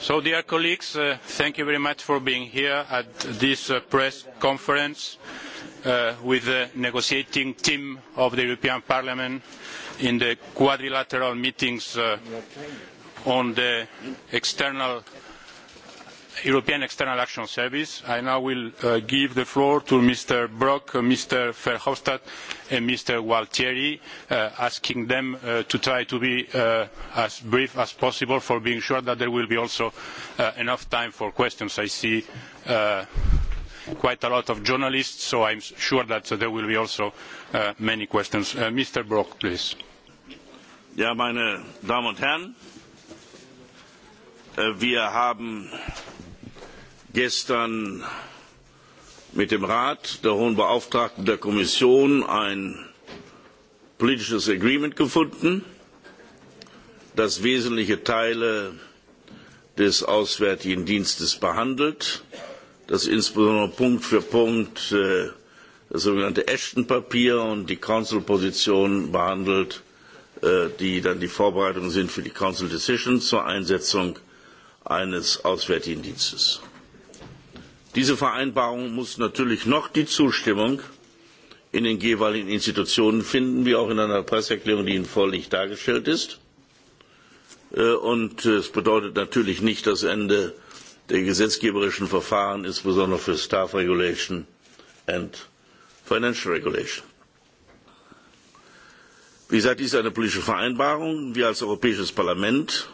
So, dear colleagues, uh, thank you very much for being here at this uh, press conference uh, with the negotiating team of the European Parliament in the quadrilateral meetings on the external European External Action Service. I now will uh, give the floor to Mr. Brok, uh, Mr. Verhofstadt, and Mr. Gualtieri, uh, asking them uh, to try to be uh, as brief as possible for being sure that there will be also uh, enough time for questions. I see quite a lot of journalists, so I'm sure that there will be also many questions. Mr. Brok, please. Ja, meine Damen und Herren, äh, wir haben gestern mit dem Rat, der Hohen Beauftragten der Kommission ein politisches Agreement gefunden, das wesentliche Teile des Auswärtigen Dienstes behandelt, das insbesondere Punkt für Punkt äh, das sogenannte Ashton-Papier und die Council-Position behandelt, äh, die dann die Vorbereitungen sind für die Council decision zur Einsetzung eines Auswärtigen Dienstes. Diese Vereinbarung muss natürlich noch die Zustimmung in den jeweiligen Institutionen finden, wie auch in einer Presseerklärung, die Ihnen vorliegt, dargestellt ist. Äh, und äh, es bedeutet natürlich nicht das Ende der gesetzgeberischen Verfahren, insbesondere für Staff Regulation and Financial Regulation. Wie gesagt, dies ist eine politische Vereinbarung. Wir als Europäisches Parlament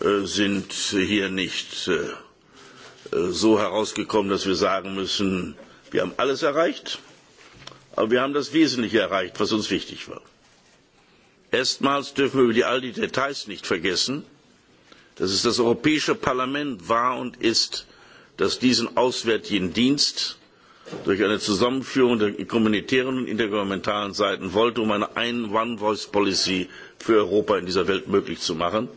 äh, sind hier nicht Äh, so herausgekommen, dass wir sagen müssen, wir haben alles erreicht, aber wir haben das Wesentliche erreicht, was uns wichtig war. Erstmals dürfen wir über die, all die Details nicht vergessen, dass es das Europäische Parlament war und ist, das diesen Auswärtigen Dienst durch eine Zusammenführung der kommunitären und intergouvernementalen Seiten wollte, um eine One-Voice-Policy für Europa in dieser Welt möglich zu machen.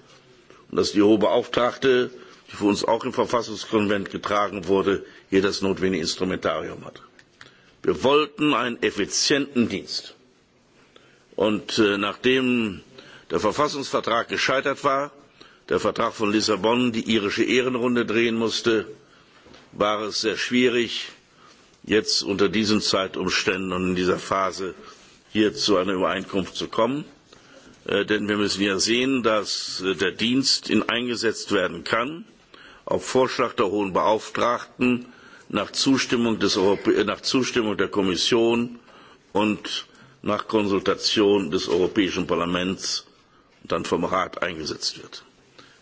Und dass die hohe Beauftragte die für uns auch im Verfassungskonvent getragen wurde, hier das notwendige Instrumentarium hat. Wir wollten einen effizienten Dienst. Und äh, nachdem der Verfassungsvertrag gescheitert war, der Vertrag von Lissabon die irische Ehrenrunde drehen musste, war es sehr schwierig, jetzt unter diesen Zeitumständen und in dieser Phase hier zu einer Übereinkunft zu kommen. Äh, denn wir müssen ja sehen, dass äh, der Dienst in eingesetzt werden kann auf Vorschlag der Hohen Beauftragten nach Zustimmung, des Europä äh, nach Zustimmung der Kommission und nach Konsultation des Europäischen Parlaments und dann vom Rat eingesetzt wird.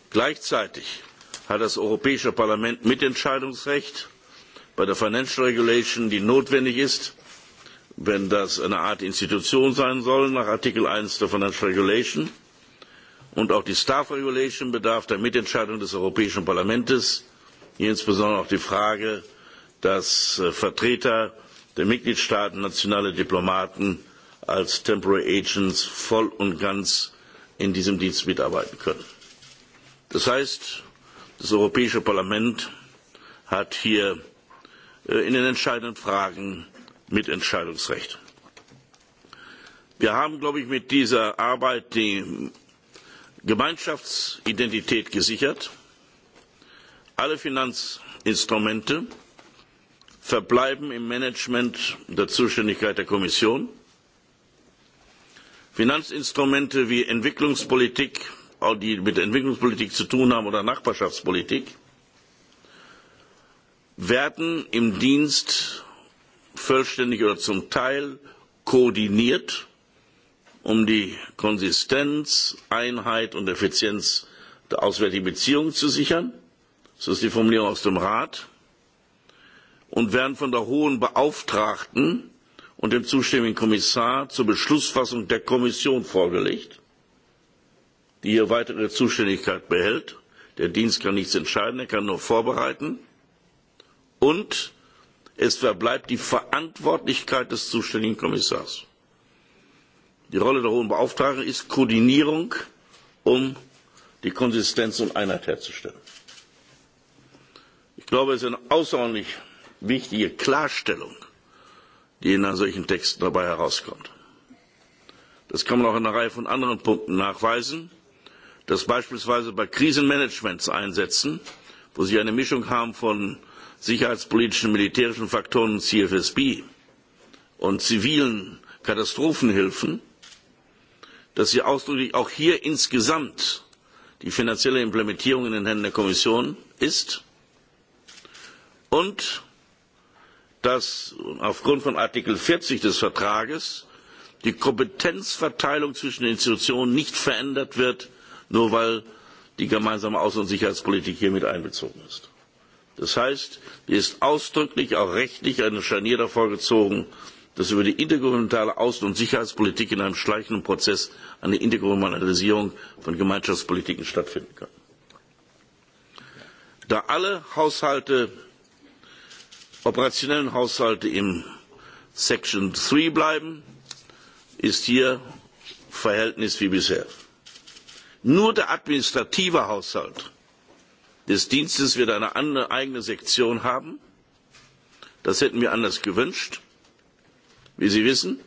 Gleichzeitig hat das Europäische Parlament Mitentscheidungsrecht bei der Financial Regulation, die notwendig ist, wenn das eine Art Institution sein soll, nach Artikel 1 der Financial Regulation und auch die Staff Regulation bedarf der Mitentscheidung des Europäischen Parlaments, hier insbesondere auch die Frage, dass äh, Vertreter der Mitgliedstaaten nationale Diplomaten als Temporary Agents voll und ganz in diesem Dienst mitarbeiten können. Das heißt, das Europäische Parlament hat hier äh, in den entscheidenden Fragen Mitentscheidungsrecht. Wir haben, glaube ich, mit dieser Arbeit die Gemeinschaftsidentität gesichert. Alle Finanzinstrumente verbleiben im Management der Zuständigkeit der Kommission. Finanzinstrumente wie Entwicklungspolitik, die mit Entwicklungspolitik zu tun haben oder Nachbarschaftspolitik, werden im Dienst vollständig oder zum Teil koordiniert um die Konsistenz, Einheit und Effizienz der auswärtigen Beziehungen zu sichern. Das ist die Formulierung aus dem Rat. Und werden von der hohen Beauftragten und dem zuständigen Kommissar zur Beschlussfassung der Kommission vorgelegt, die hier weitere Zuständigkeit behält. Der Dienst kann nichts entscheiden, er kann nur vorbereiten. Und es verbleibt die Verantwortlichkeit des zuständigen Kommissars. Die Rolle der hohen Beauftragten ist Koordinierung, um die Konsistenz und Einheit herzustellen. Ich glaube, es ist eine außerordentlich wichtige Klarstellung, die in einem solchen Text dabei herauskommt. Das kann man auch in einer Reihe von anderen Punkten nachweisen, dass beispielsweise bei Krisenmanagementseinsätzen, wo Sie eine Mischung haben von sicherheitspolitischen, militärischen Faktoren CFSB und zivilen Katastrophenhilfen, dass sie ausdrücklich auch hier insgesamt die finanzielle Implementierung in den Händen der Kommission ist und dass aufgrund von Artikel 40 des Vertrages die Kompetenzverteilung zwischen den Institutionen nicht verändert wird, nur weil die gemeinsame Außen- und Sicherheitspolitik hier mit einbezogen ist. Das heißt, hier ist ausdrücklich auch rechtlich eine Scharnier davor gezogen, dass über die intergouvernementale Außen- und Sicherheitspolitik in einem schleichenden Prozess eine Intergouvernementalisierung von Gemeinschaftspolitiken stattfinden kann. Da alle Haushalte, operationellen Haushalte im Section 3 bleiben, ist hier Verhältnis wie bisher. Nur der administrative Haushalt des Dienstes wird eine eigene Sektion haben. Das hätten wir anders gewünscht wie Sie wissen.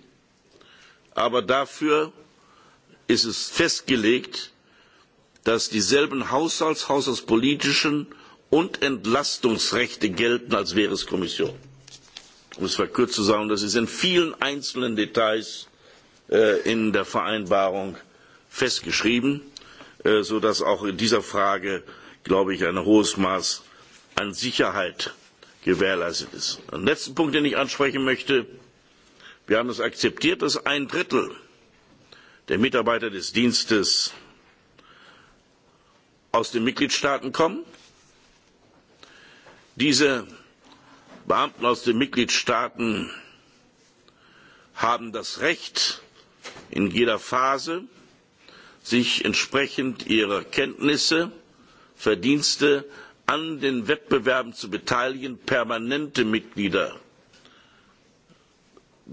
Aber dafür ist es festgelegt, dass dieselben Haushalts-, haushaltspolitischen und Entlastungsrechte gelten, als wäre es Kommission. Um es verkürzt zu sagen, das ist in vielen einzelnen Details äh, in der Vereinbarung festgeschrieben, äh, sodass auch in dieser Frage, glaube ich, ein hohes Maß an Sicherheit gewährleistet ist. Ein letzten Punkt, den ich ansprechen möchte, wir haben es akzeptiert, dass ein Drittel der Mitarbeiter des Dienstes aus den Mitgliedstaaten kommen. Diese Beamten aus den Mitgliedstaaten haben das Recht, in jeder Phase sich entsprechend ihrer Kenntnisse, Verdienste an den Wettbewerben zu beteiligen, permanente Mitglieder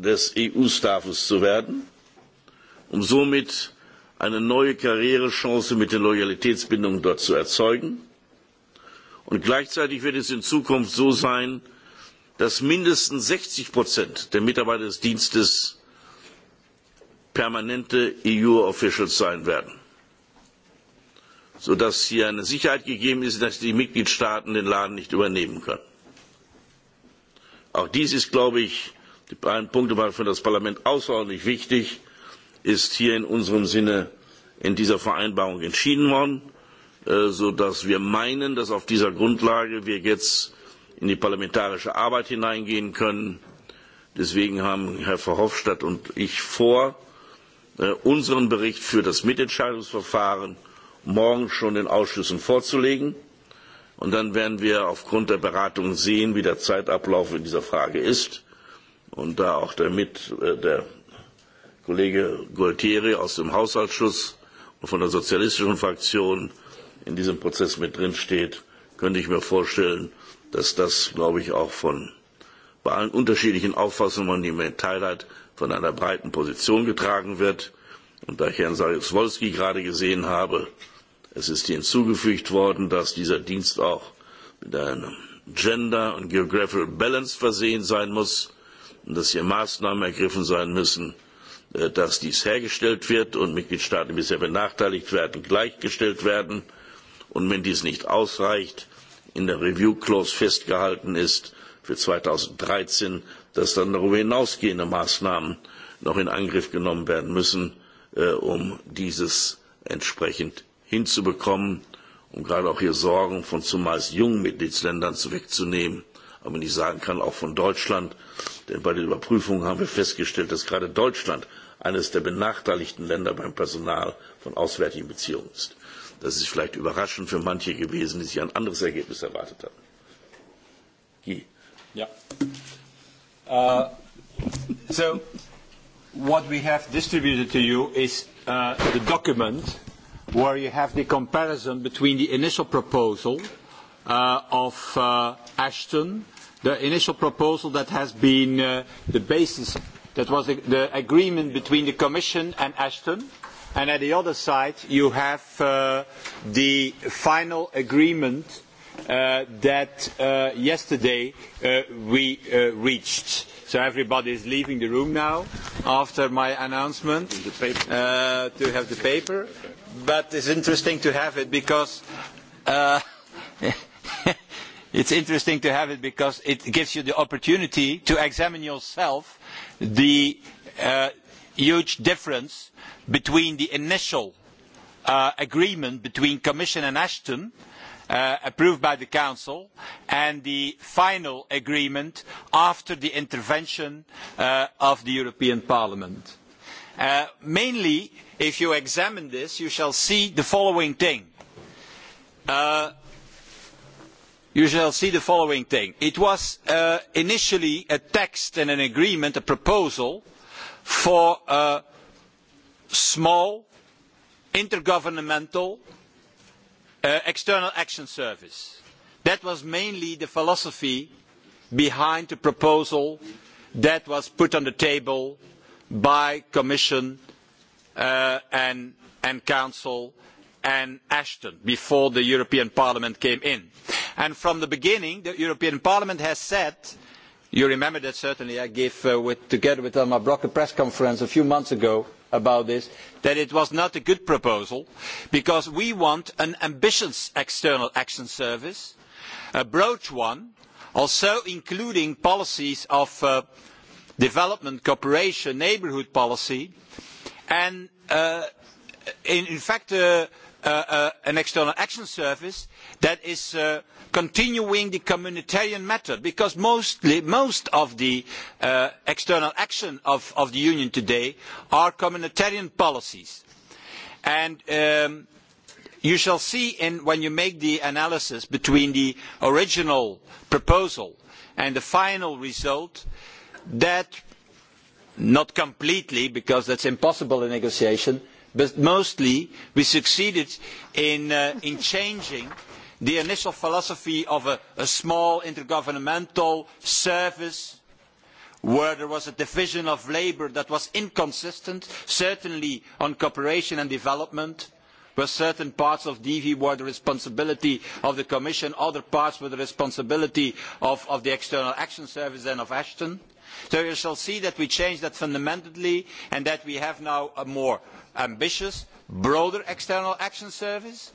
des EU-Staffes zu werden, um somit eine neue Karrierechance mit den Loyalitätsbindungen dort zu erzeugen. Und gleichzeitig wird es in Zukunft so sein, dass mindestens 60 Prozent der Mitarbeiter des Dienstes permanente EU-Officials sein werden, sodass hier eine Sicherheit gegeben ist, dass die Mitgliedstaaten den Laden nicht übernehmen können. Auch dies ist, glaube ich, Ein Punkt Punkte für das Parlament außerordentlich wichtig, ist hier in unserem Sinne in dieser Vereinbarung entschieden worden, äh, sodass wir meinen, dass auf dieser Grundlage wir jetzt in die parlamentarische Arbeit hineingehen können. Deswegen haben Herr Verhofstadt und ich vor, äh, unseren Bericht für das Mitentscheidungsverfahren morgen schon den Ausschüssen vorzulegen. Und dann werden wir aufgrund der Beratungen sehen, wie der Zeitablauf in dieser Frage ist und da auch der, äh, der Kollege Gualtieri aus dem Haushaltsschuss und von der sozialistischen Fraktion in diesem Prozess mit drin steht, könnte ich mir vorstellen, dass das, glaube ich, auch von bei allen unterschiedlichen Auffassungen, die man teilt, von einer breiten Position getragen wird. Und da ich Herrn Sajewski gerade gesehen habe, es ist hinzugefügt worden, dass dieser Dienst auch mit einem Gender und Geographical Balance versehen sein muss und dass hier Maßnahmen ergriffen sein müssen, äh, dass dies hergestellt wird und Mitgliedstaaten, die bisher benachteiligt werden, gleichgestellt werden. Und wenn dies nicht ausreicht, in der Review Clause festgehalten ist für 2013, dass dann darüber hinausgehende Maßnahmen noch in Angriff genommen werden müssen, äh, um dieses entsprechend hinzubekommen, um gerade auch hier Sorgen von zumeist jungen Mitgliedsländern wegzunehmen, aber wenn ich sagen kann, auch von Deutschland, denn bei den Überprüfungen haben wir festgestellt, dass gerade Deutschland eines der benachteiligten Länder beim Personal von auswärtigen Beziehungen ist. Das ist vielleicht überraschend für manche gewesen, die sich ein anderes Ergebnis erwartet haben. Guy. Yeah. Uh, so, what we have distributed to you is uh, the document where you have the comparison between the initial proposal uh, of uh, Ashton, the initial proposal that has been uh, the basis, that was the, the, agreement between the Commission and Ashton, and at the other side you have uh, the final agreement uh, that uh, yesterday we reached. So everybody is leaving the room now after my announcement uh, to have the paper. But it's interesting to have it because uh, it's interesting to have it because it gives you the opportunity to examine yourself the uh, huge difference between the initial uh, agreement between Commission and Ashton uh, approved by the Council and the final agreement after the intervention uh, of the European Parliament. Uh, mainly, if you examine this, you shall see the following thing. Uh, you shall see the following thing. It was uh, initially a text and an agreement, a proposal for a small intergovernmental uh, external action service. That was mainly the philosophy behind the proposal that was put on the table by Commission uh, and, and Council and Ashton before the European Parliament came in and from the beginning the european parliament has said you remember that certainly i gave uh, together with elmar brok a press conference a few months ago about this that it was not a good proposal because we want an ambitious external action service a broad one also including policies of uh, development cooperation neighbourhood policy and uh, in, in fact uh, Uh, uh, an external action service that is uh, continuing the communitarian method because mostly, most of the uh, external action of, of, the union today are communitarian policies. And um, you shall see in, when you make the analysis between the original proposal and the final result that, not completely because that's impossible in negotiation, but mostly we succeeded in, uh, in changing the initial philosophy of a, a small intergovernmental service where there was a division of labour that was inconsistent, certainly on cooperation and development, where certain parts of DV were the responsibility of the Commission, other parts were the responsibility of, of the External Action Service and of Ashton. Uh, So you shall see that we change that fundamentally and that we have now a more ambitious, broader external action service,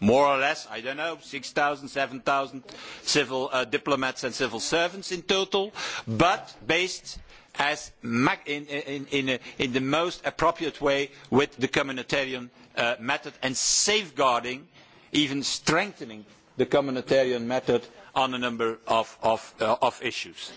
more or less, I don't know, 6,000, 7,000 civil uh, diplomats and civil servants in total, but based as in, in, in, a, in the most appropriate way with the communitarian uh, method and safeguarding, even strengthening the communitarian method on a number of, of, uh, of issues.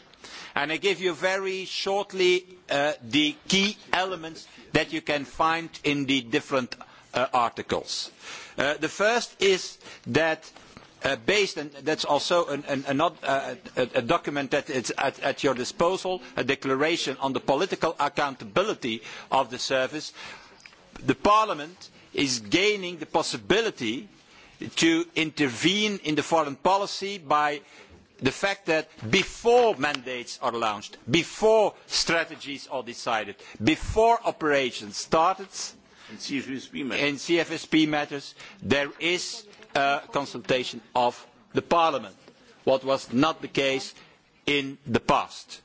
And I give you very shortly uh, the key elements that you can find in the different uh, articles. Uh, the first is that Uh, based, and that's also an, an, an, uh, a, a, document that is at, at, your disposal, a declaration on the political accountability of the service, the Parliament is gaining the possibility to intervene in the foreign policy by the fact that before mandates are launched, before strategies are decided, before operations started in CFSP matters, in CFSP matters there is a consultation of the Parliament, what was not the case in the past.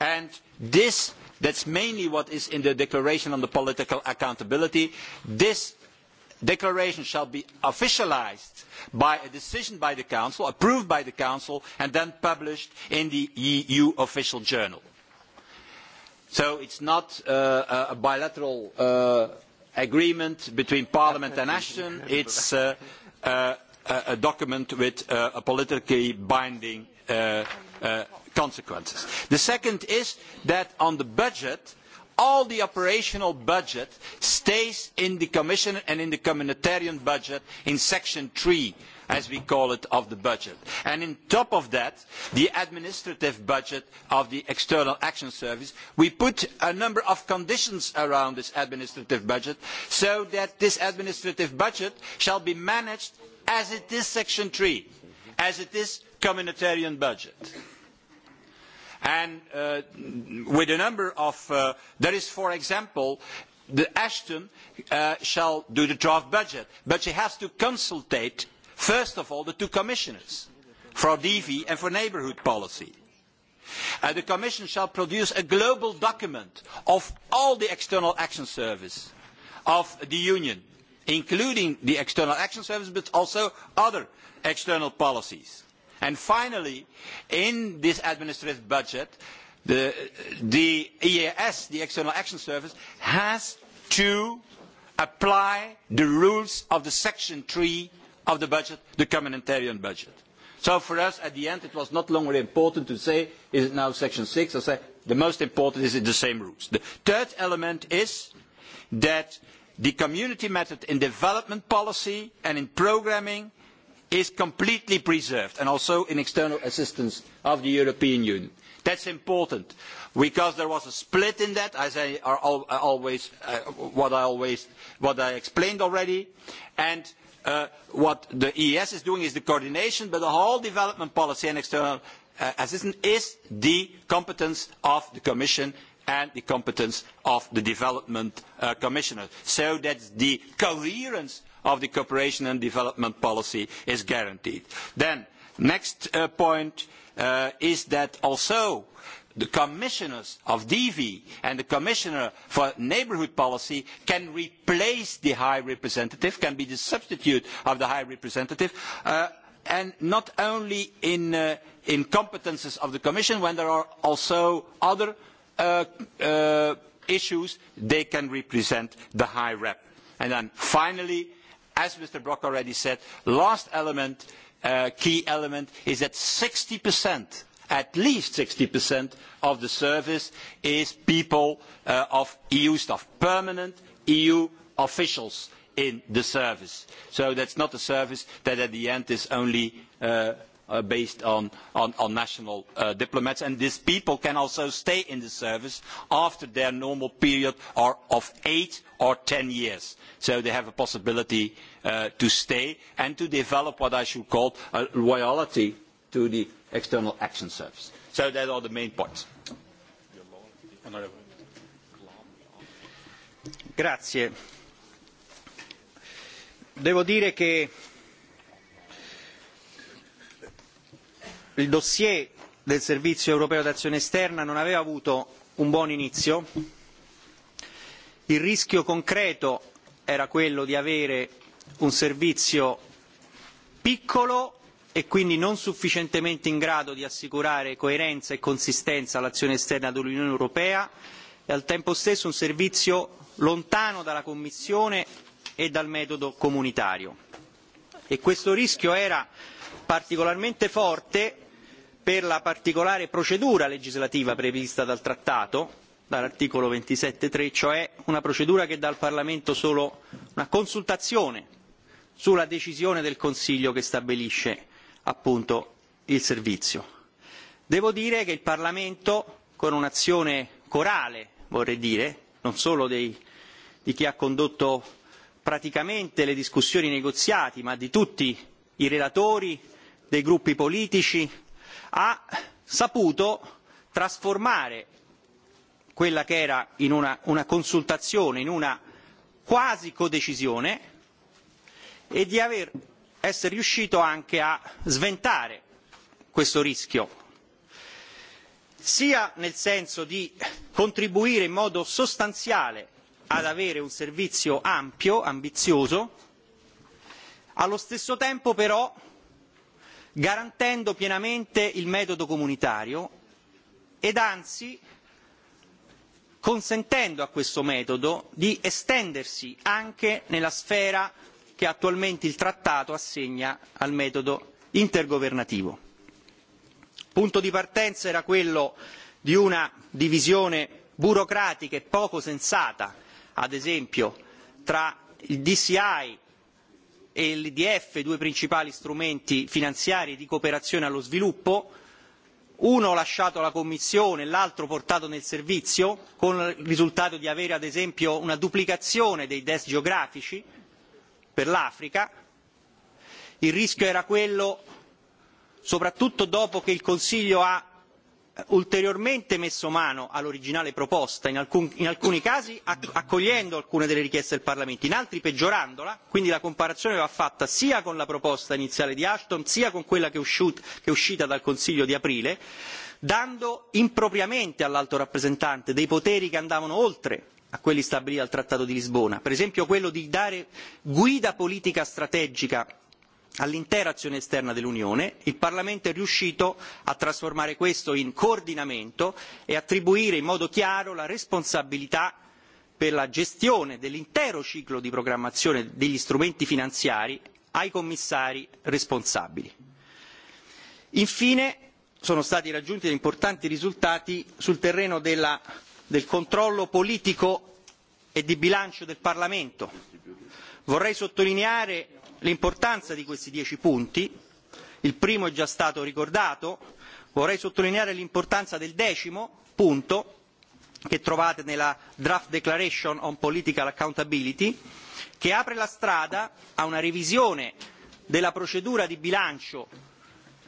And this, that's mainly what is in the Declaration on the Political Accountability. This declaration shall be officialised by a decision by the Council, approved by the Council, and then published in the EU official journal. So it's not uh, a bilateral uh, agreement between Parliament and Ashton. It's uh, uh, a document with uh, a politically binding uh, uh, consequences. The second is that on the budget, all the operational budget stays in the Commission and in the communitarian budget in section three as we call it, of the budget. And on top of that, the administrative budget of the External Action Service, we put a number of conditions around this administrative budget so that this administrative budget shall be managed as it is Section three as it is communitarian budget and uh, with a number of uh, there is for example the Ashton uh, shall do the draft budget but she has to consultate first of all the two commissioners for DV and for neighbourhood policy And the commission shall produce a global document of all the external action service of the union including the external action service but also other external policies And finally, in this administrative budget, the, eeas EAS, the External Action Service, has to apply the rules of the Section three of the budget, the communitarian budget. So for us, at the end, it was not longer important to say, is it now Section six? or say, the most important is it the same rules. The third element is that the community method in development policy and in programming is completely preserved and also in external assistance of the European Union. That's important because there was a split in that, as I uh, always, uh, what I always, what I explained already, and uh, what the EES is doing is the coordination, but the whole development policy and external uh, assistance is the competence of the Commission and the competence of the development uh, commissioner. So that's the coherence of the cooperation and development policy is guaranteed. Then, next uh, point uh, is that also the commissioners of DV and the commissioner for neighbourhood policy can replace the high representative, can be the substitute of the high representative, uh, and not only in, uh, in competences of the commission, when there are also other uh, uh, issues, they can represent the high rep. And then finally, as Mr. Brok already said, last element, uh, key element, is that 60%, at least 60% of the service is people uh, of EU staff, permanent EU officials in the service. So that's not a service that at the end is only uh, Uh, based on, on, on national uh, diplomats and these people can also stay in the service after their normal period are of eight or ten years. So they have a possibility uh, to stay and to develop what I should call a loyalty to the External Action Service. So that are the main points. Grazie. Devo dire che il dossier del servizio europeo d'azione esterna non aveva avuto un buon inizio il rischio concreto era quello di avere un servizio piccolo e quindi non sufficientemente in grado di assicurare coerenza e consistenza all'azione esterna dell'Unione Europea e al tempo stesso un servizio lontano dalla Commissione e dal metodo comunitario. E questo rischio era particolarmente forte per la particolare procedura legislativa prevista dal trattato dall'articolo 27.3, cioè una procedura che dà al Parlamento solo una consultazione sulla decisione del Consiglio che stabilisce appunto il servizio. Devo dire che il Parlamento, con un'azione corale vorrei dire, non solo dei, di chi ha condotto praticamente le discussioni negoziati, ma di tutti i relatori, dei gruppi politici, ha saputo trasformare quella che era in una, una consultazione in una quasi codecisione e di aver, essere riuscito anche a sventare questo rischio sia nel senso di contribuire in modo sostanziale ad avere un servizio ampio ambizioso allo stesso tempo però garantendo pienamente il metodo comunitario ed anzi consentendo a questo metodo di estendersi anche nella sfera che attualmente il trattato assegna al metodo intergovernativo. punto di partenza era quello di una divisione burocratica e poco sensata ad esempio tra il dci e l'EDF, due principali strumenti finanziari di cooperazione allo sviluppo, uno lasciato alla Commissione e l'altro portato nel servizio, con il risultato di avere ad esempio una duplicazione dei desk geografici per l'Africa. Il rischio era quello, soprattutto dopo che il Consiglio ha ulteriormente messo mano all'originale proposta in, alcun, in alcuni casi accogliendo alcune delle richieste del Parlamento, in altri peggiorandola, quindi la comparazione va fatta sia con la proposta iniziale di Ashton sia con quella che, usciut, che è uscita dal Consiglio di aprile, dando impropriamente all'alto rappresentante dei poteri che andavano oltre a quelli stabiliti dal Trattato di Lisbona, per esempio quello di dare guida politica strategica all'intera azione esterna dell'Unione, il Parlamento è riuscito a trasformare questo in coordinamento e attribuire in modo chiaro la responsabilità per la gestione dell'intero ciclo di programmazione degli strumenti finanziari ai commissari responsabili. Infine sono stati raggiunti importanti risultati sul terreno della, del controllo politico e di bilancio del Parlamento. Vorrei sottolineare l'importanza di questi dieci punti il primo è già stato ricordato vorrei sottolineare l'importanza del decimo punto che trovate nella draft declaration on political accountability che apre la strada a una revisione della procedura di bilancio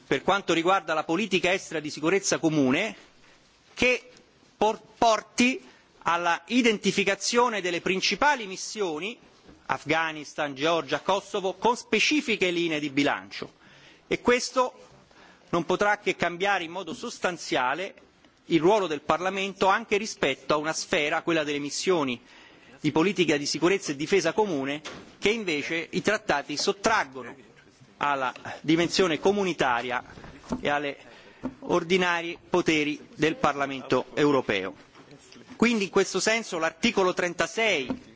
per quanto riguarda la politica estera di sicurezza comune che porti alla identificazione delle principali missioni Afghanistan, Georgia, Kosovo, con specifiche linee di bilancio e questo non potrà che cambiare in modo sostanziale il ruolo del Parlamento anche rispetto a una sfera, quella delle missioni di politica di sicurezza e difesa comune, che invece i trattati sottraggono alla dimensione comunitaria e agli ordinari poteri del Parlamento europeo. Quindi in questo senso l'articolo 36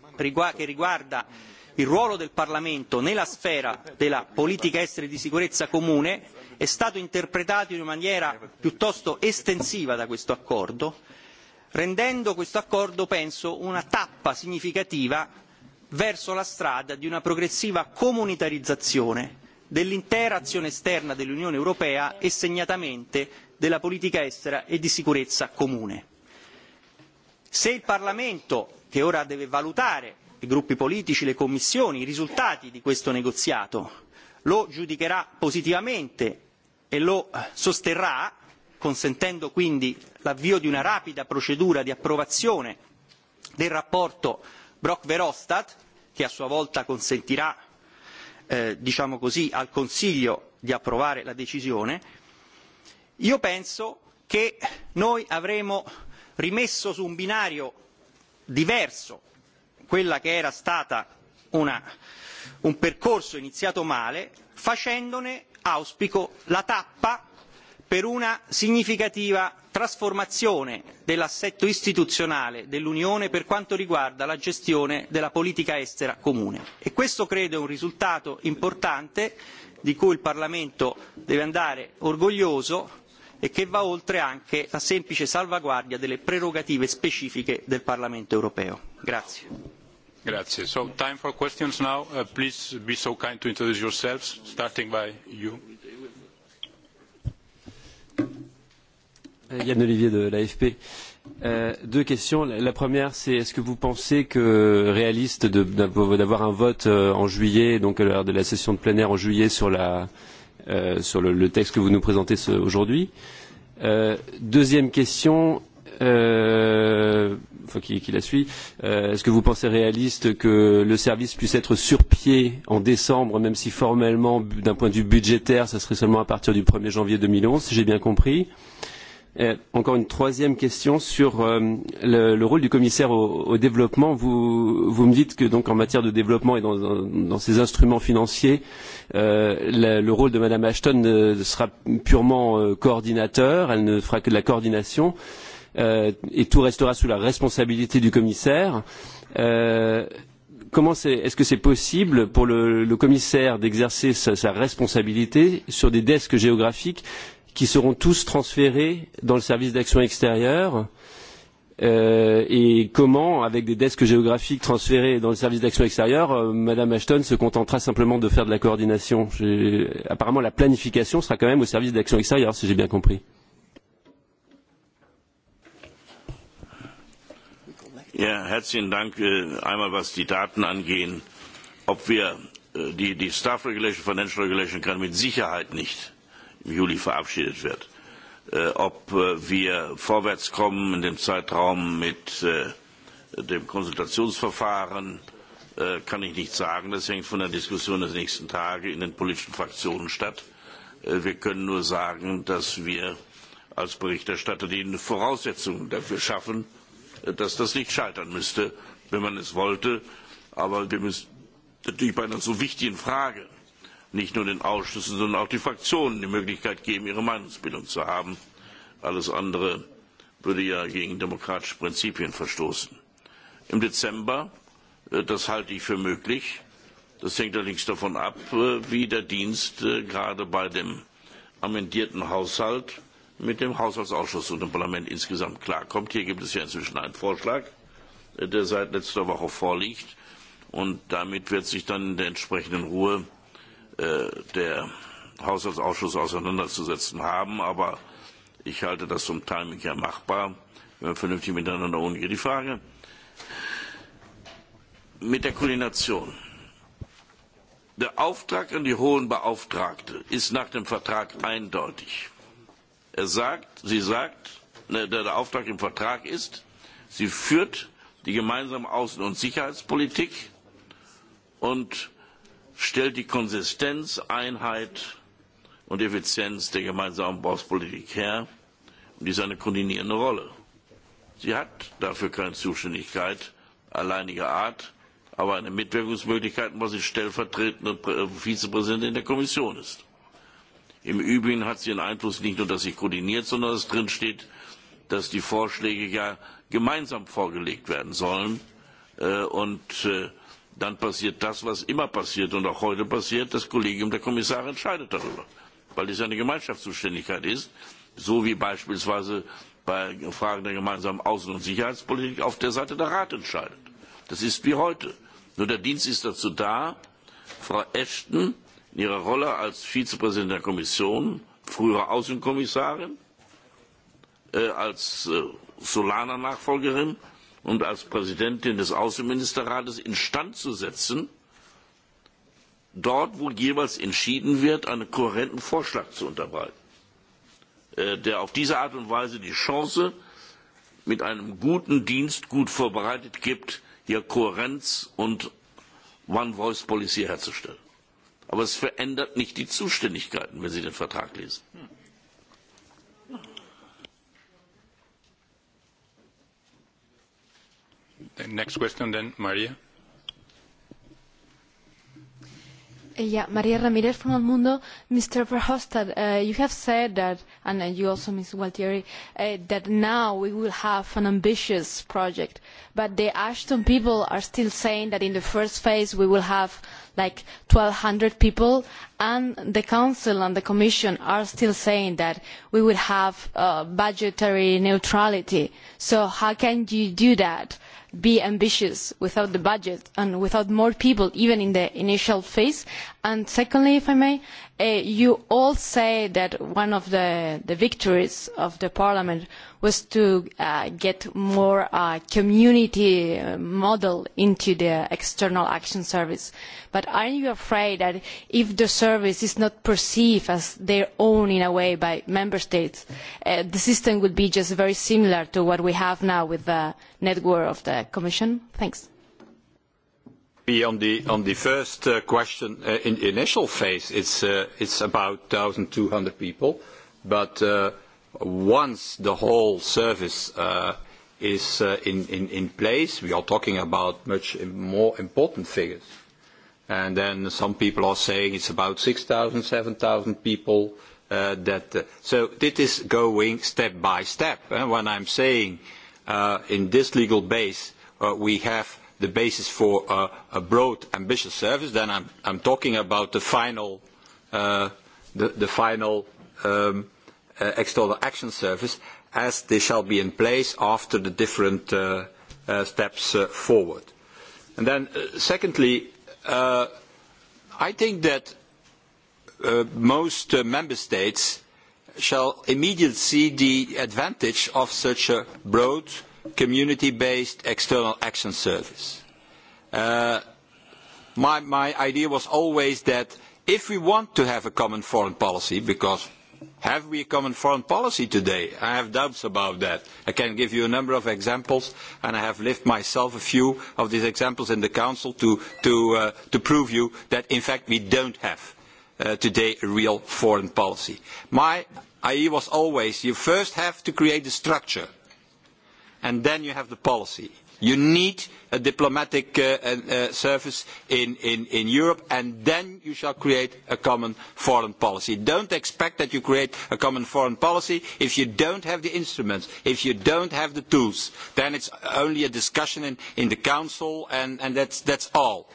che riguarda il ruolo del Parlamento nella sfera della politica estera e di sicurezza comune è stato interpretato in maniera piuttosto estensiva da questo accordo rendendo questo accordo penso una tappa significativa verso la strada di una progressiva comunitarizzazione dell'intera azione esterna dell'Unione europea e segnatamente della politica estera e di sicurezza comune. Se il Parlamento che ora deve valutare i gruppi politici, le commissioni, i risultati di questo negoziato, lo giudicherà positivamente e lo sosterrà, consentendo quindi l'avvio di una rapida procedura di approvazione del rapporto Brock Verhofstadt, che a sua volta consentirà eh, diciamo così, al Consiglio di approvare la decisione, io penso che noi avremo rimesso su un binario diverso quella che era stata una, un percorso iniziato male facendone auspico la tappa per una significativa trasformazione dell'assetto istituzionale dell'unione per quanto riguarda la gestione della politica estera comune e questo credo è un risultato importante di cui il parlamento deve andare orgoglioso e che va oltre anche la semplice salvaguardia delle prerogative specifiche del Parlamento europeo. Grazie. Grazie. So time for questions now. Uh, please be so kind to introduce yourselves, starting by you. Euh, Yann Olivier de l'AFP. Euh, deux questions. La première, c'est est-ce que vous pensez que réaliste d'avoir un vote euh, en juillet, donc à l'heure de la session de plénière en juillet sur la, euh, Euh, sur le, le texte que vous nous présentez aujourd'hui. Euh, deuxième question, euh, enfin, qui, qui la suit. Euh, Est-ce que vous pensez réaliste que le service puisse être sur pied en décembre, même si formellement, d'un point de vue budgétaire, ça serait seulement à partir du 1er janvier 2011, si j'ai bien compris euh, Et euh, encore une troisième question sur euh, le, le rôle du commissaire au, au développement. Vous, vous me dites que donc en matière de développement et dans, dans, dans ces instruments financiers, euh, la, le rôle de Madame Ashton euh, sera purement euh, coordinateur. Elle ne fera que de la coordination euh, et tout restera sous la responsabilité du commissaire. Euh, comment est-ce que c'est possible pour le, le commissaire d'exercer sa, sa responsabilité sur des desks géographiques qui seront tous transférés dans le service d'action extérieure euh, et comment, avec des desks géographiques transférés dans le service d'action extérieure, euh, Madame Ashton se contentera simplement de faire de la coordination. Apparemment, la planification sera quand même au service d'action extérieure, si j'ai bien compris. Ja, herzlichen Dank. Äh, einmal was die Daten angehen, ob wir äh, die, die Staff Regulation, Financial Regulation kann mit Sicherheit nicht Juli verabschiedet wird. Äh, ob äh, wir kommen in dem Zeitraum mit äh, dem Konsultationsverfahren, äh, kann ich nicht sagen. Das hängt von der Diskussion des nächsten Tages in den politischen Fraktionen statt. Äh, wir können nur sagen, dass wir als Berichterstatter die Voraussetzungen dafür schaffen, äh, dass das nicht scheitern müsste, wenn man es wollte. Aber wir müssen natürlich bei einer so wichtigen Frage nicht nur den Ausschüssen, sondern auch den Fraktionen die Möglichkeit geben, ihre Meinungsbildung zu haben. Alles andere würde ja gegen demokratische Prinzipien verstoßen. Im Dezember, äh, das halte ich für möglich. Das hängt allerdings davon ab, äh, wie der Dienst äh, gerade bei dem amendierten Haushalt mit dem Haushaltsausschuss und dem Parlament insgesamt klarkommt. Hier gibt es ja inzwischen einen Vorschlag, der seit letzter Woche vorliegt. Und damit wird sich dann in der entsprechenden Ruhe Äh, der Haushaltsausschuss auseinanderzusetzen haben. Aber ich halte das zum Timing her machbar, wenn wir vernünftig miteinander umgehen. Die Frage mit der Koordination. Der Auftrag an die hohen Beauftragte ist nach dem Vertrag eindeutig. Er sagt, sie sagt, der Auftrag im Vertrag ist, sie führt die gemeinsame Außen- und Sicherheitspolitik und stellt die Konsistenz, Einheit und Effizienz der gemeinsamen Bauspolitik her und ist eine koordinierende Rolle. Sie hat dafür keine Zuständigkeit alleiniger Art, aber eine Mitwirkungsmöglichkeit, weil sie stellvertretende äh, Vizepräsidentin der Kommission ist. Im Übrigen hat sie den Einfluss nicht nur, dass sie koordiniert, sondern dass drin steht, dass die Vorschläge ja gemeinsam vorgelegt werden sollen. Äh, und äh, dann passiert das, was immer passiert und auch heute passiert. Das Kollegium der Kommissare entscheidet darüber, weil es ja eine Gemeinschaftszuständigkeit ist, so wie beispielsweise bei Fragen der gemeinsamen Außen- und Sicherheitspolitik auf der Seite der Rat entscheidet. Das ist wie heute. Nur der Dienst ist dazu da, Frau Ashton in ihrer Rolle als Vizepräsidentin der Kommission, frühere Außenkommissarin, äh, als äh, Solana-Nachfolgerin, und als Präsidentin des Außenministerrates instand zu setzen, dort, wo jeweils entschieden wird, einen kohärenten Vorschlag zu unterbreiten, äh, der auf diese Art und Weise die Chance mit einem guten Dienst, gut vorbereitet gibt, hier Kohärenz und One-Voice-Policy herzustellen. Aber es verändert nicht die Zuständigkeiten, wenn Sie den Vertrag lesen. Hm. Next question then, Maria. Yeah, Maria Ramirez from El Mundo. Mr. Verhofstadt, uh, you have said that, and you also, Ms. Gualtieri, uh, that now we will have an ambitious project. But the Ashton people are still saying that in the first phase we will have like 1,200 people, and the Council and the Commission are still saying that we will have uh, budgetary neutrality. So how can you do that? be ambitious without the budget and without more people even in the initial phase And secondly, if I may, eh, you all say that one of the, victories of the parliament was to uh, get more uh, community uh, model into the external action service. But are you afraid that if the service is not perceived as their own in a way by member states, eh, the system would be just very similar to what we have now with the network of the Commission? Thanks. On the, on the first uh, question, uh, in the initial phase, it's, uh, about 1,200 people. But once the whole service is in, place, we are talking about much more important figures. And then some people are saying it's about 6,000, 7,000 people that. So this is going step by step. When I'm saying in this legal base, we have the basis for a, a broad, ambitious service, then I'm, I'm talking about the final, uh, the, the final um, uh, external action service, as they shall be in place after the different uh, uh, steps uh, forward. And then, uh, secondly, uh, I think that uh, most uh, member states shall immediately see the advantage of such a broad community-based external action service. Uh, my, my idea was always that if we want to have a common foreign policy, because have we a common foreign policy today? I have doubts about that. I can give you a number of examples, and I have lived myself a few of these examples in the Council to, to, uh, to prove you that, in fact, we don't have uh, today a real foreign policy. My idea was always you first have to create a structure and then you have the policy. You need a diplomatic uh, uh, uh, service in, in, in, Europe, and then you shall create a common foreign policy. Don't expect that you create a common foreign policy if you don't have the instruments, if you don't have the tools. Then it's only a discussion in, in the Council, and, and that's, that's all.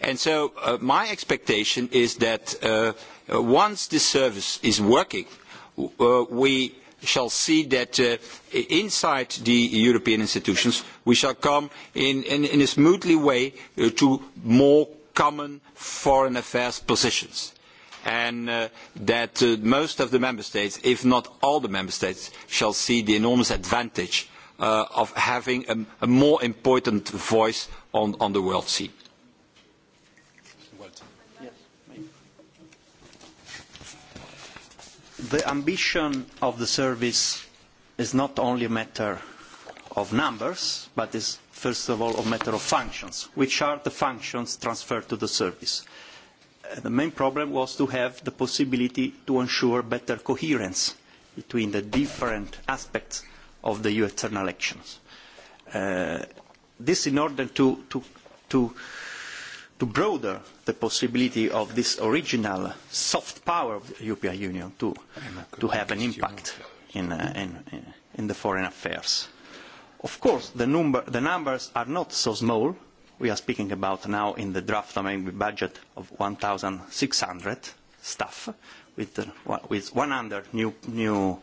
And so uh, my expectation is that uh, uh, once this service is working, we shall see that uh, inside the European institutions we shall come in, in, in a smoothly way uh, to more common foreign affairs positions and uh, that uh, most of the member states, if not all the member states, shall see the enormous advantage uh, of having a, a more important voice on, on the world scene. the ambition of the service is not only a matter of numbers, but is first of all a matter of functions, which are the functions transferred to the service. Uh, the main problem was to have the possibility to ensure better coherence between the different aspects of the EU external actions. Uh, this in order to, to, to to broaden the possibility of this original soft power of the European Union to, eh, to have an impact in, uh, in, uh, in the foreign affairs. Of course, the, number, the numbers are not so small. We are speaking about now in the draft amendment budget of 1,600 staff with, uh, with 100 new, new,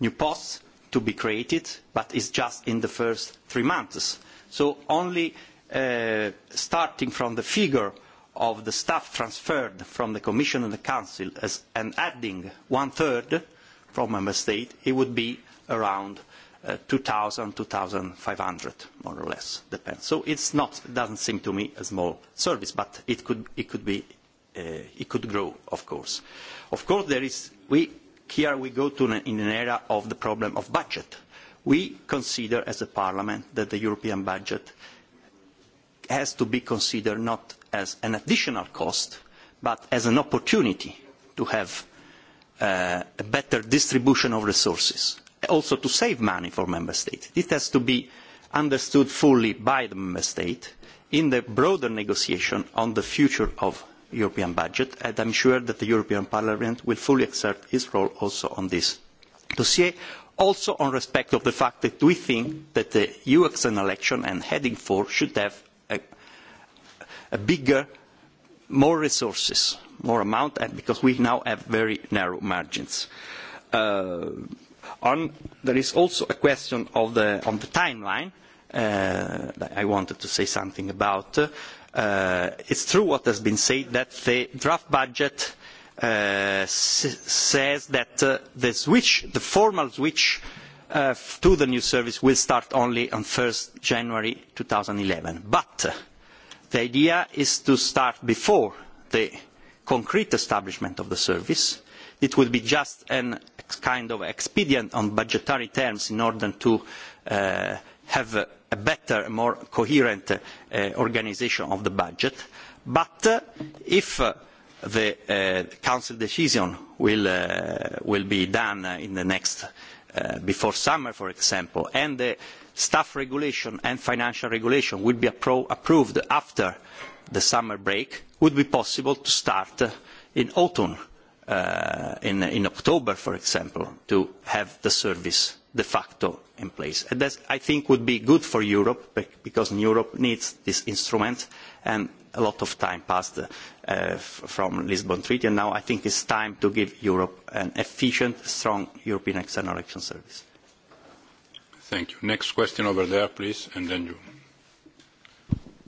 new posts to be created, but it's just in the first three months. So only Uh, starting from the figure of the staff transferred from the Commission and the Council as, and adding one-third from Member State, it would be around uh, 2,000, 2,500, more or less, depends. So it's not, it doesn't seem to me a small service, but it could, it could be, uh, it could grow, of course. Of course, there is, we, here we go to an, in an era of the problem of budget. We consider as a Parliament that the European budget has to be considered not as an additional cost, but as an opportunity to have uh, a better distribution of resources, also to save money for member states. It has to be understood fully by the member state in the broader negotiation on the future of European budget, and I'm sure that the European Parliament will fully exert its role also on this dossier, also on respect of the fact that we think that the EU external action and heading 4 should have a, a bigger, more resources, more amount, and because we now have very narrow margins. Uh, on, there is also a question of the, on the timeline uh, that I wanted to say something about. Uh, it's true what has been said that the draft budget uh, says that uh, the switch, the formal switch Uh, to the new service will start only on 1 thousand January 2011. But uh, the idea is to start before the concrete establishment of the service. It will be just a kind of expedient on budgetary terms in order to uh, have a, a better, more coherent uh, uh organisation of the budget. But uh, if the Council decision will, will be done in the next Uh, before summer, for example, and the staff regulation and financial regulation will be appro approved after the summer break, would be possible to start uh, in autumn, uh, in, in October, for example, to have the service de facto in place. And that, I think, would be good for Europe, because Europe needs this instrument and a lot of time passed uh, from Lisbon Treaty, and now I think it's time to give Europe an efficient, strong European External Action Service. Thank you. Next question over there, please, and then you.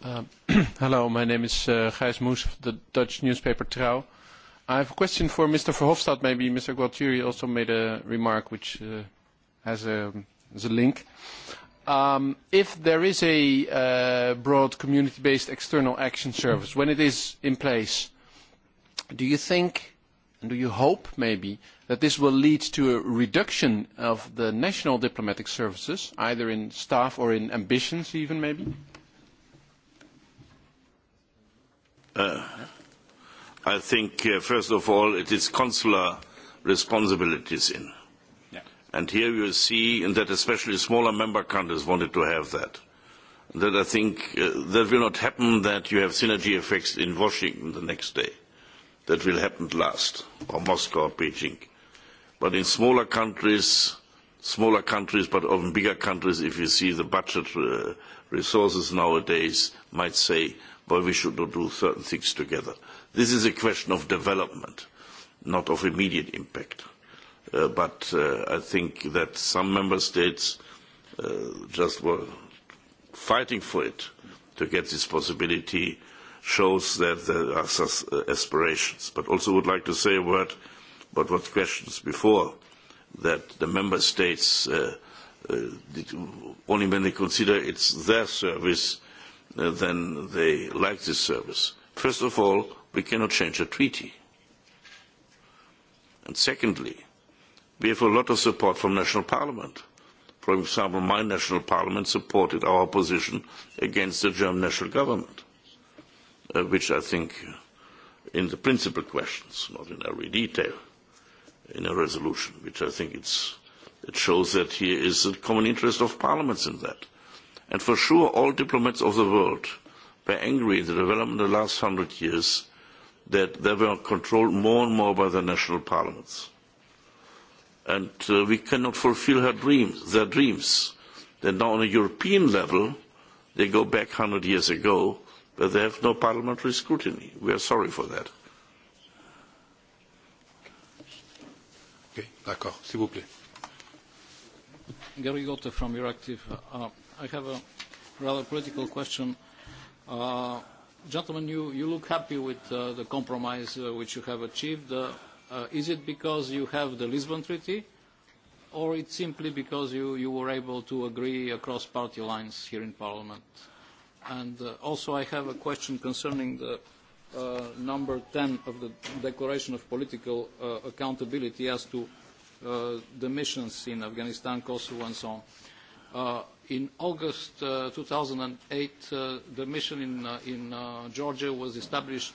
Uh, hello, my name is uh, Gijs Moes of the Dutch newspaper Trouw. I have a question for Mr. Verhofstadt. Maybe Mr. Gualtieri also made a remark which uh, has, a, has a link um, if there is a uh, broad community-based external action service, when it is in place, do you think and do you hope maybe that this will lead to a reduction of the national diplomatic services, either in staff or in ambitions even maybe? Uh, I think, uh, first of all, it is consular responsibilities in And here you see that especially smaller member countries wanted to have that. That I think uh, that will not happen that you have synergy effects in Washington the next day. That will happen last, or Moscow or Beijing. But in smaller countries, smaller countries, but often bigger countries, if you see the budget uh, resources nowadays, might say, well, we should not do certain things together. This is a question of development, not of immediate impact. Uh, but uh, I think that some member states uh, just were fighting for it to get this possibility shows that there are such uh, aspirations. But also would like to say a word about what questions before, that the member states, uh, uh, only when they consider it's their service, then they like this service. First of all, we cannot change a treaty. And secondly, we have a lot of support from national parliament. For example, my national parliament supported our position against the German national government, uh, which I think uh, in the principal questions, not in every detail, in a resolution, which I think it's, it shows that here is a common interest of parliaments in that. And for sure, all diplomats of the world were angry in the development of the last hundred years that they were controlled more and more by the national parliaments and uh, we cannot fulfil her dreams, their dreams. Then now on a European level, they go back 100 years ago, but they have no parliamentary scrutiny. We are sorry for that. Okay, d'accord, s'il vous plaît. Gary Gotte from Euractiv. Uh, I have a rather political question. Uh, gentlemen, you, you look happy with uh, the compromise uh, which you have achieved. Uh, Uh, is it because you have the Lisbon Treaty, or it's simply because you, you were able to agree across party lines here in Parliament? And uh, also I have a question concerning the uh, number 10 of the Declaration of Political uh, Accountability as to uh, the missions in Afghanistan, Kosovo, and so on. Uh, in August uh, 2008, uh, the mission in, in Georgia was established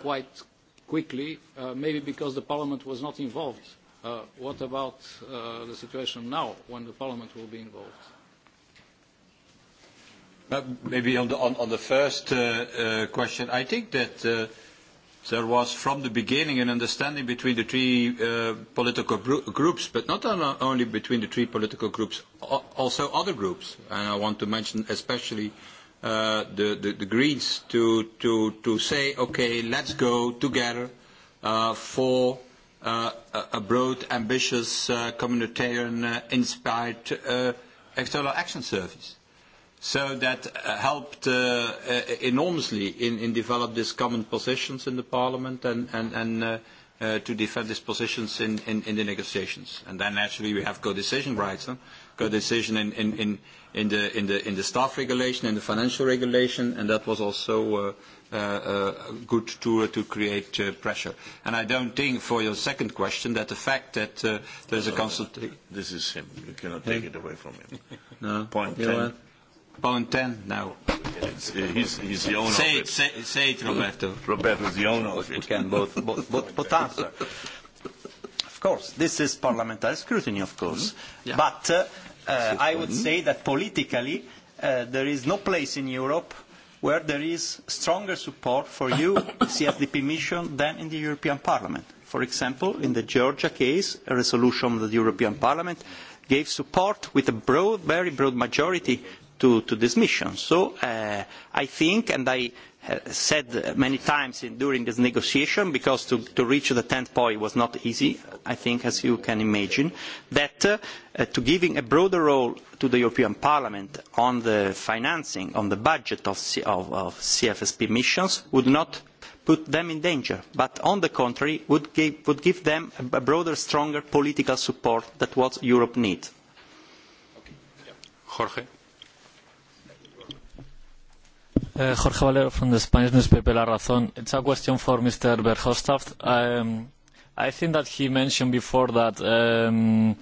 quite quickly, uh, maybe because the Parliament was not involved. Uh, what about uh, the situation now when the Parliament will be involved? Uh, maybe on the, on, on the first uh, uh, question, I think that uh, there was from the beginning an understanding between the three uh, political groups, but not on, only between the three political groups, also other groups. And I want to mention especially uh, Uh, the, Greens to, say, okay, let's go together uh, for uh, a broad, ambitious, communitarian-inspired external action service. So that helped enormously in, develop these common positions in the Parliament and, to defend these positions in, the negotiations. And then naturally we have co-decision rights decision in, in, in, in, the, in, the, in the staff regulation, in the financial regulation, and that was also uh, uh, uh, good to, uh, to create uh, pressure. And I don't think, for your second question, that the fact that uh, there's no, a consultation... Uh, this is him. You cannot take him? it away from him. no. Point you 10. Point 10 no. Uh, he's, he's the owner say of it. it. Say, say it, Roberto. Roberto's the owner of it. We can both, both, both, both answer. Of course, this is parliamentary scrutiny, of course. Mm -hmm. yeah. But... Uh, Uh, I would say that politically uh, there is no place in Europe where there is stronger support for you, CSDP mission than in the European Parliament. For example, in the Georgia case, a resolution of the European Parliament gave support with a broad, very broad majority to, to this mission. So uh, I think, and I uh, said many times in, during this negotiation, because to, to reach the 10th point was not easy, I think, as you can imagine, that uh, to giving a broader role to the European Parliament on the financing, on the budget of, C of, of CFSP missions would not put them in danger, but on the contrary, would give, would give them a, a broader, stronger political support that what Europe needs. Jorge? Uh, Jorge Valero from the Spanish newspaper La Razón. It's a question for Mr. Berhostaft. Um, I think that he mentioned before that um,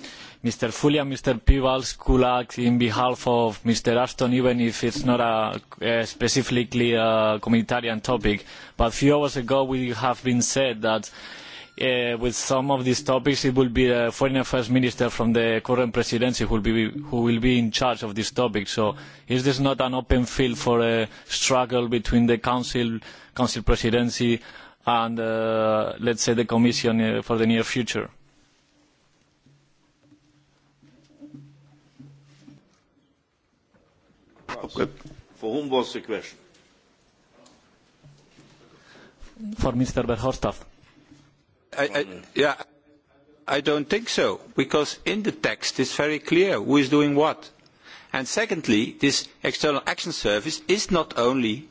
Mr. Fully and Mr. Peebles could act in behalf of Mr. Ashton, even if it's not a, a specifically a communitarian topic. But a few hours ago, we have been said that Uh, with some of these topics it will be the foreign affairs minister from the current presidency who will be, who will be in charge of this topic so is this not an open field for a struggle between the council council presidency and uh, let's say the commission uh, for the near future for whom was the question for mr verhofstadt I, I, yeah, I don't think so, because in the text it's very clear who is doing what. And secondly, this External Action Service is not only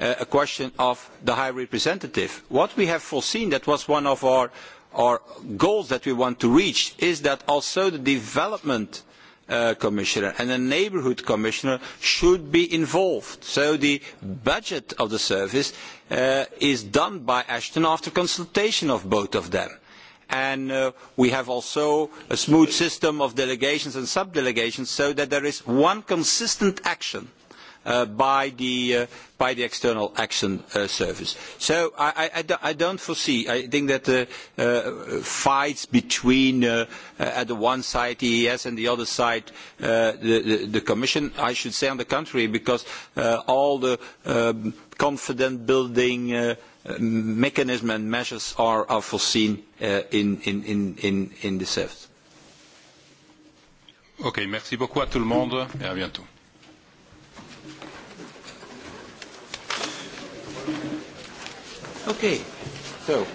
uh, a question of the High Representative. What we have foreseen, that was one of our, our goals that we want to reach, is that also the development uh, Uh, commissioner and a neighbourhood commissioner should be involved. So the budget of the service uh, is done by Ashton after consultation of both of them. And uh, we have also a smooth system of delegations and sub-delegations so that there is one consistent action Uh, by, the, uh, by the External Action uh, Service. So I, I, I, do, I don't foresee, I think that the uh, uh, fights between uh, uh, at the one side EES and the other side uh, the, the, the Commission, I should say on the contrary, because uh, all the um, confident building uh, mechanism and measures are, are foreseen uh, in, in, in, in the service. Okay. merci beaucoup à tout le monde et à bientôt. Okay. So,